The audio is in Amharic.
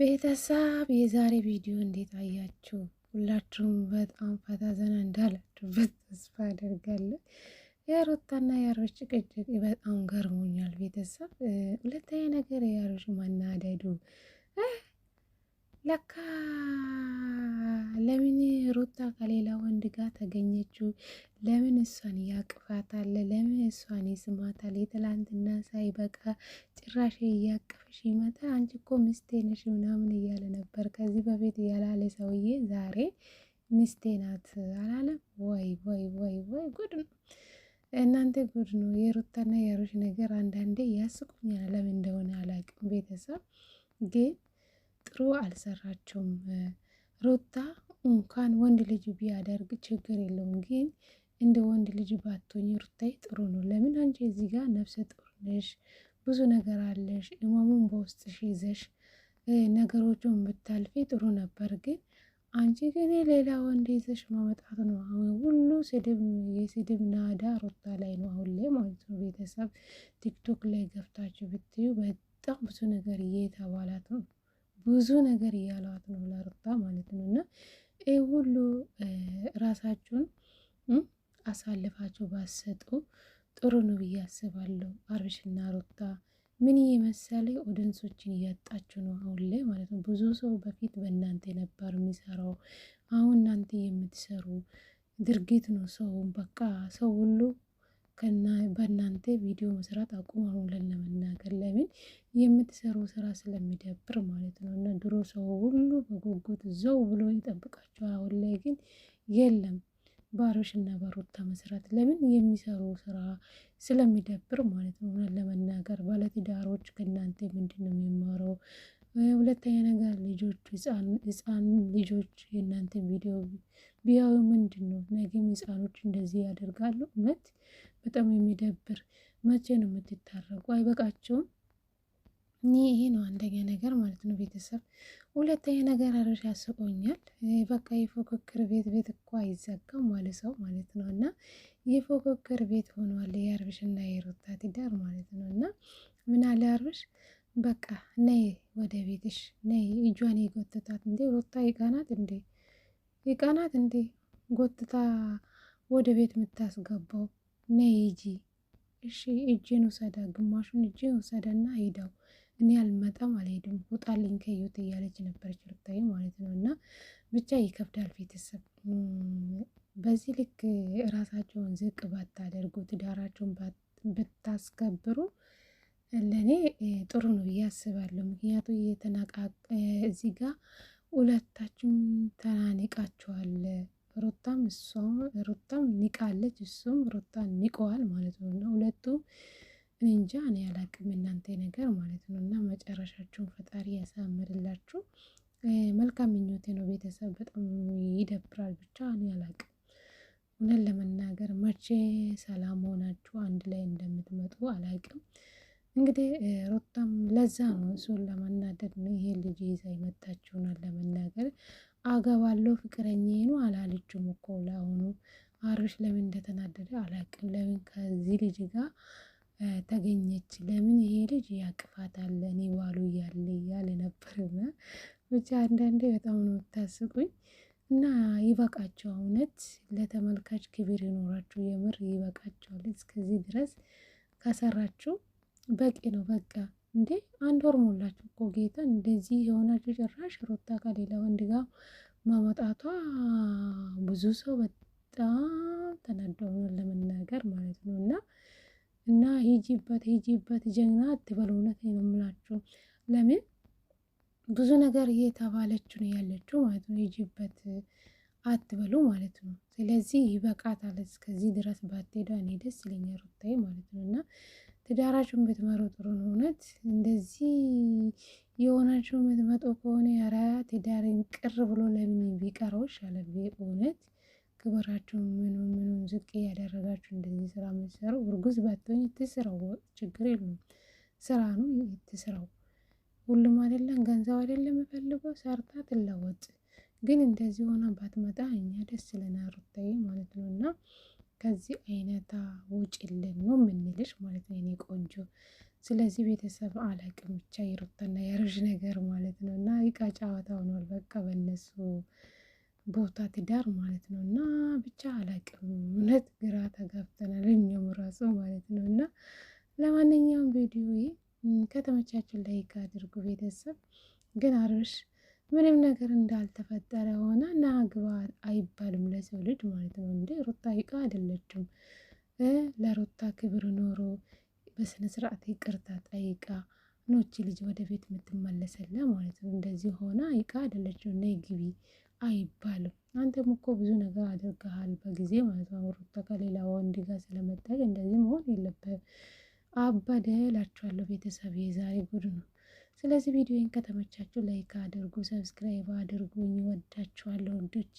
ቤተሰብ የዛሬ ቪዲዮ እንዴት አያችሁ? ሁላችሁም በጣም ፈታ ዘና እንዳላችሁበት ተስፋ አደርጋለሁ። የሩታና የአብርሽ ጭቅጭቅ በጣም ገርሞኛል ቤተሰብ። ሁለተኛ ነገር የአብርሽ መናደዱ ለካ ለምን ሩታ ከሌላ ወንድ ጋር ተገኘችው? ለምን እሷን እያቅፋታል? ለምን እሷን ይስማታል? የትላንትና ሳይበቃ ጭራሽ እያቅፍሽ ይመጣ። አንቺ እኮ ሚስቴ ነሽ ምናምን እያለ ነበር ከዚህ በፊት ያላለ ሰውዬ ዛሬ ሚስቴ ናት አላለም ወይ? ወይ ወይ ወይ ጉድ ነው እናንተ ጉድ ነው። የሩታና የአብርሽ ነገር አንዳንዴ ያስቁኛል። ለምን እንደሆነ አላቅም ቤተሰብ ግን ጥሩ አልሰራቸውም። ሩታ እንኳን ወንድ ልጅ ቢያደርግ ችግር የለውም፣ ግን እንደ ወንድ ልጅ ባትሆኝ ሩታዬ ጥሩ ነው። ለምን አንቺ እዚህ ጋር ነፍሰ ጡር ነሽ፣ ብዙ ነገር አለሽ፣ እማሙን በውስጥሽ ይዘሽ ነገሮቹን ብታልፊ ጥሩ ነበር። ግን አንቺ ግን ሌላ ወንድ ይዘሽ ማመጣት ነው። አሁን ሁሉ ስድብ የስድብ ናዳ ሩታ ላይ ነው አሁን ላይ ማለት ነው። ቤተሰብ ቲክቶክ ላይ ገብታችሁ ብትዩ በጣም ብዙ ነገር እየተባላት ነው። ብዙ ነገር እያለዋት ነው ለሩታ ማለት ነው። እና ይህ ሁሉ ራሳችሁን አሳልፋችሁ ባሰጡ ጥሩ ነው ብዬ አስባለሁ። አብርሽና ሩታ ምን የመሰለ ኦደንሶችን እያጣችሁ ነው አሁን ላይ ማለት ነው። ብዙ ሰው በፊት በእናንተ ነበር የሚሰራው፣ አሁን እናንተ የምትሰሩ ድርጊት ነው ሰውን በቃ ሰው ሁሉ በእናንተ ቪዲዮ መስራት አቁም። አሁን ለመናገር ለምን የምትሰሩ ስራ ስለሚደብር ማለት ነው። እና ድሮ ሰው ሁሉ በጉጉት ዘው ብሎ ይጠብቃቸዋል። አሁን ላይ ግን የለም ባብርሽ እና በሩታ መስራት ለምን የሚሰሩ ስራ ስለሚደብር ማለት ነው። ለመናገር ባለትዳሮች ከእናንተ ምንድን ነው የሚማረው? ሁለተኛ ነገር ልጆች ህፃን ልጆች የእናንተ ቪዲዮ ቢያዩ ምንድን ነው ነገም ህፃኖች እንደዚህ ያደርጋሉ። እውነት በጣም የሚደብር መቼ ነው የምትታረቁ? አይበቃቸውም? ይህ ይሄ ነው አንደኛ ነገር ማለት ነው ቤተሰብ። ሁለተኛ ነገር አብርሽ ያስቆኛል። በቃ የፉክክር ቤት ቤት እኮ አይዘጋም ማለት ሰው ማለት ነው እና የፉክክር ቤት ሆኗል የአብርሽና የሩታ ትዳር ማለት ነው እና ምን አለ አብርሽ በቃ ነይ ወደ ቤትሽ ነይ። እጇን የጎተታት እንዴ ሩታ ይቃናት እንዴ ይቃናት እንዴ ጎትታ ወደ ቤት የምታስገባው ነይ ሂጂ። እሺ እጄን ውሰዳ፣ ግማሹን እጄን ውሰዳና ሂዳው እኔ አልመጣም አልሄድም ውጣልኝ ከዩት እያለች ነበረች ሩታዬ ማለት ነው። እና ብቻ ይከብዳል። ቤተሰብ በዚህ ልክ ራሳቸውን ዝቅ ባታደርጉ ትዳራቸውን ብታስከብሩ ለእኔ ጥሩ ነው ብዬ አስባለሁ። ምክንያቱ የተናቃቀ እዚህ ጋር ሁለታችሁም ተናንቃችኋል። ሩታም እሷም ሩታም እሱም ሩታን ኒቀዋል ማለት ነው እና ሁለቱም እንጃ እኔ አላቅም እናንተ ነገር ማለት ነው እና መጨረሻችሁን ፈጣሪ ያሳምርላችሁ። መልካም ምኞቴ ነው። ቤተሰብ በጣም ይደብራል። ብቻ እኔ አላቅም እውነት ለመናገር መቼ ሰላም ሆናችሁ አንድ ላይ እንደምትመጡ አላቅም። እንግዲህ ሩታም ለዛ ነው እሱን ለመናደድ ነው ይሄ ልጅ ይዛ የመጣችሁናል ለመናገር አገባለሁ ፍቅረኛ ነው አላለችም እኮ ለአሁኑ አብርሽ ለምን እንደተናደደ አላቅም። ለምን ከዚህ ልጅ ጋር ተገኘች? ለምን ይሄ ልጅ ያቅፋታል? እኔ ባሉ እያለ እያለ ነበርና ብቻ አንዳንዴ በጣም ነው የምታስቁኝ። እና ይበቃቸው፣ እውነት ለተመልካች ክብር ይኖራቸው። የምር ይበቃቸዋል። እስከዚህ ድረስ ከሰራችሁ በቂ ነው በቃ። እንዴ አንድ ወር ሞላችሁ እኮ ጌታ። እንደዚህ የሆናችሁ ጭራሽ ሩታ ከሌላ ወንድ ጋር ማመጣቷ ብዙ ሰው በጣም ተናደው ለመናገር ማለት ነው። እና እና ሂጂበት ሂጂበት ጀግና አትበሉ። እውነት ነው የምላችሁ ለምን ብዙ ነገር እየተባለች ነው ያለችው ማለት ነው። ሂጂበት አትበሉ ማለት ነው። ስለዚህ ይበቃታል። እስከዚህ ድረስ ባትሄዳ እኔ ደስ ይለኛል ሩታዬ ማለት ነው እና ትዳራችሁን ብትመሩ ጥሩ ነው። እውነት እንደዚህ የሆናችሁ የምትመጡ ከሆነ ያራ ትዳርን ቅር ብሎ ለምን ቢቀረው ይሻላል። በእውነት ክብራችሁን ምኑ ምኑን ዝቅ ያደረጋችሁ እንደዚህ ስራ መሰሩ። እርጉዝ ባትሆኝ ትስራው ችግር የለም። ስራ ነው ትስራው። ሁሉም አይደለም ገንዘብ አይደለም የምፈልገው ሰርታ ትለወጥ። ግን እንደዚህ ሆና ባትመጣ እኛ ደስ ይለናል፣ ማለት ነው እና ከዚህ አይነታ ውጭልን ነው የምንልሽ ማለት ነው የኔ ቆንጆ። ስለዚህ ቤተሰብ አላቅም ብቻ የሩታና የአብርሽ ነገር ማለት ነው እና እቃ ጨዋታ ሆኗል። በቃ በእነሱ ቦታ ትዳር ማለት ነው እና ብቻ አላቅም። እውነት ግራ ተጋብተናል እኛም ራሱ ማለት ነው እና ለማንኛውም ቪዲዮ ከተመቻችን ላይክ አድርጉ ቤተሰብ ግን አብርሽ ምንም ነገር እንዳልተፈጠረ ሆነ ና አይባልም ለሰው ልጅ ማለት ነው። እንደ ሩታ ይቃ አይደለችም። ለሩታ ክብር ኖሮ በስነ ስርዓት ይቅርታ ጠይቃ ኖቺ ልጅ ወደ ቤት የምትመለሰለ ማለት ነው። እንደዚህ ሆና ይቃ አይደለችም። ነይ ግቢ አይባልም። አንተም እኮ ብዙ ነገር አድርገሃል በጊዜ ማለት ነው። ሩታ ከሌላ ወንድ ጋር ስለመጣች እንደዚህ መሆን የለበት አበደ ላችኋለሁ ቤተሰብ የዛሬ ጉድ ነው። ስለዚህ ቪዲዮን ከተመቻችሁ ላይክ አድርጉ፣ ሰብስክራይብ አድርጉ። ይወዳችኋለሁ ውዶች።